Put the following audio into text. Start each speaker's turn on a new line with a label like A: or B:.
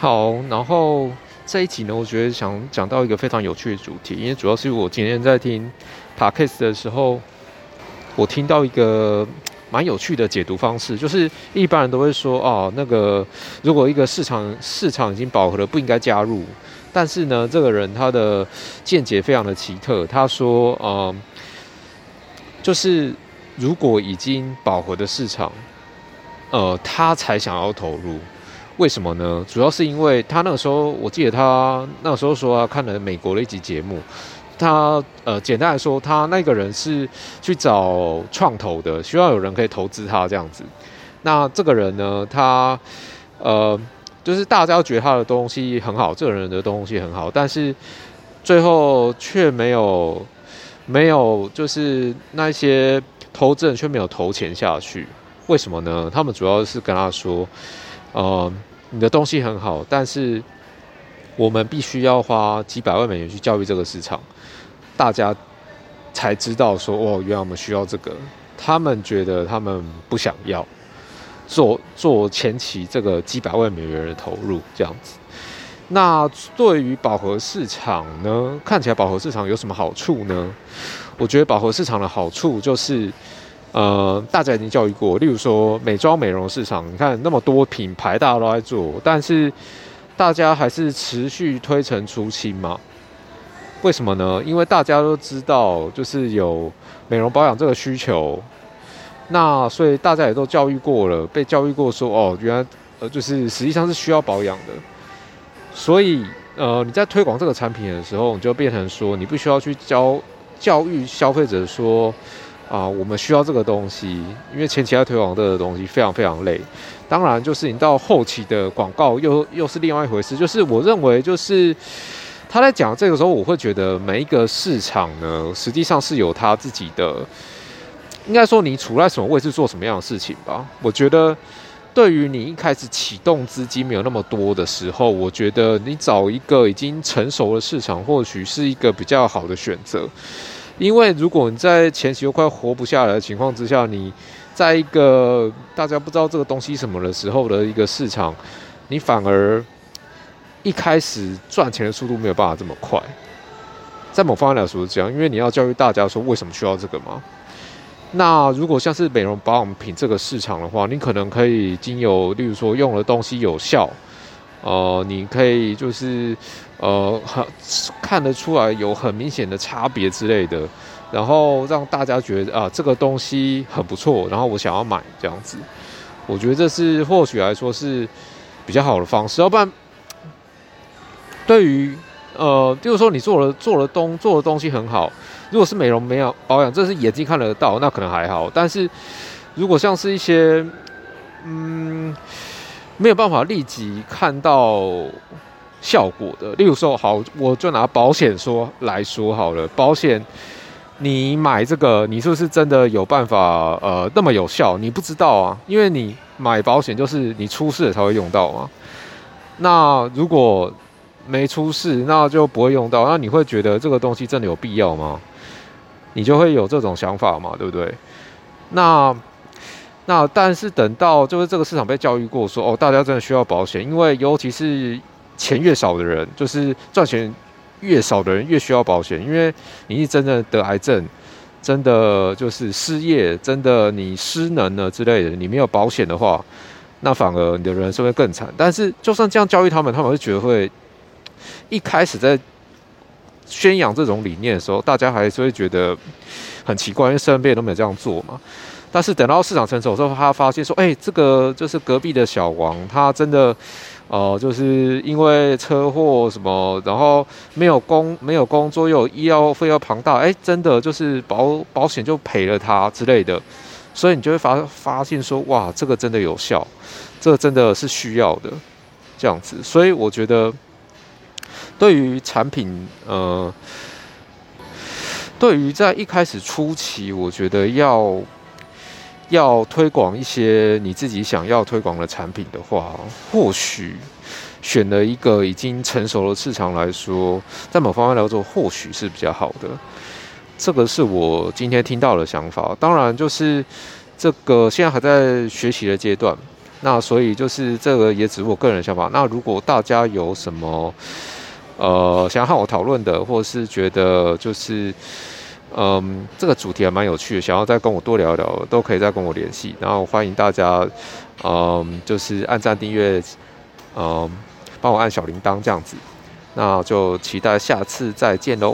A: 好，然後這一集呢，我覺得想講到一個非常有趣的主題，因為主要是我今天在聽 podcast 的時候，我聽到一個蠻有趣的解讀方式，就是一般人都會說，哦，那個如果一個市場市場已經飽和了，不應該加入。但是呢，這個人他的見解非常的奇特，他說，呃，就是如果已經飽和的市場，呃，他才想要投入。為什麼呢？主要是因為他那個時候，我記得他那個時候說，啊，看了美國的一集節目。他呃，簡單來說，他那個人是去找創投的，需要有人可以投資他這樣子。那這個人呢，他呃，就是大家覺得他的東西很好，這個人的東西很好，但是最後卻沒有沒有，沒有就是那些投資人卻沒有投錢下去。為什麼呢？他們主要是跟他說，呃。你的東西很好，但是我們必須要花幾百萬美元去教育這個市場，大家才知道說哦，原來我們需要這個。他們覺得他們不想要做，做做前期這個幾百萬美元的投入這樣子。那對於飽和市場呢？看起來飽和市場有什麼好處呢？我覺得飽和市場的好處就是。呃，大家已經教育過，例如說美妝美容市場，你看那麼多品牌大家都在做，但是大家還是持續推陳出新嘛？為什麼呢？因為大家都知道，就是有美容保養這個需求，那所以大家也都教育過了，被教育過說哦，原來呃，就是實際上是需要保養的，所以呃，你在推廣這個產品的時候，你就變成說，你不需要去教教育消費者說。啊，我們需要這個東西，因為前期要推廣這個東西非常非常累。當然，就是你到後期的廣告又又是另外一回事。就是我認為，就是他在講這個時候，我會覺得每一個市場呢，實際上是有他自己的，應該說你處在什麼位置做什麼樣的事情吧。我覺得，對於你一開始啟動資金沒有那麼多的時候，我覺得你找一個已經成熟的市場，或許是一個比較好的選擇。因為如果你在前期又快活不下來的情況之下，你在一個大家不知道這個東西什麼的時候的一個市場，你反而一開始賺錢的速度沒有辦法這麼快。在某方面來說是這樣，因為你要教育大家說為什麼需要這個嘛。那如果像是美容保養品這個市場的話，你可能可以經由例如說用的東西有效，哦、呃，你可以就是。呃，很看得出來有很明顯的差別之類的，然後讓大家覺得啊，這個東西很不錯，然後我想要買這樣子，我覺得這是或許來說是比較好的方式，要不然對於呃，比如說你做了做了東做的東西很好，如果是美容、美容保養，這是眼睛看得到，那可能還好，但是如果像是一些嗯，沒有辦法立即看到。效果的，例如說，好，我就拿保險說來說好了。保險，你買這個，你是不是真的有辦法？呃，那麼有效？你不知道啊，因為你買保險就是你出事了才會用到嘛。那如果沒出事，那就不會用到。那你會覺得這個東西真的有必要嗎？你就會有這種想法嘛，對不對？那那但是等到就是這個市場被教育過說，說哦，大家真的需要保險，因為尤其是。錢越少的人，就是賺錢越少的人，越需要保險。因為你是真正得癌症，真的就是失業，真的你失能了之類的，你沒有保險的話，那反而你的人生會更慘。但是就算這樣教育他們，他們會覺得會一開始在宣揚這種理念的時候，大家還是會覺得很奇怪，因為身邊都沒有這樣做嘛。但是等到市場成熟之後，他發現說：“哎，這個就是隔壁的小王，他真的，呃，就是因為車禍什麼，然後沒有工，沒有工作，又有醫藥費要龐大，哎，真的就是保保險就賠了他之類的，所以你就會發發現說，哇，這個真的有效，這個真的是需要的，這樣子。所以我覺得，對於產品，呃，對於在一開始初期，我覺得要。要推廣一些你自己想要推廣的產品的話，或許選了一個已經成熟的市場來說，在某方面來說，或許是比較好的。這個是我今天聽到的想法。當然，就是這個現在還在學習的階段，那所以就是這個也只是我個人的想法。那如果大家有什麼呃想要和我討論的，或是覺得就是。嗯，這個主題還蠻有趣的，想要再跟我多聊一聊，都可以再跟我聯繫。然後歡迎大家，嗯，就是按讚、訂閱，嗯，幫我按小鈴鐺這樣子。那就期待下次再見嘍。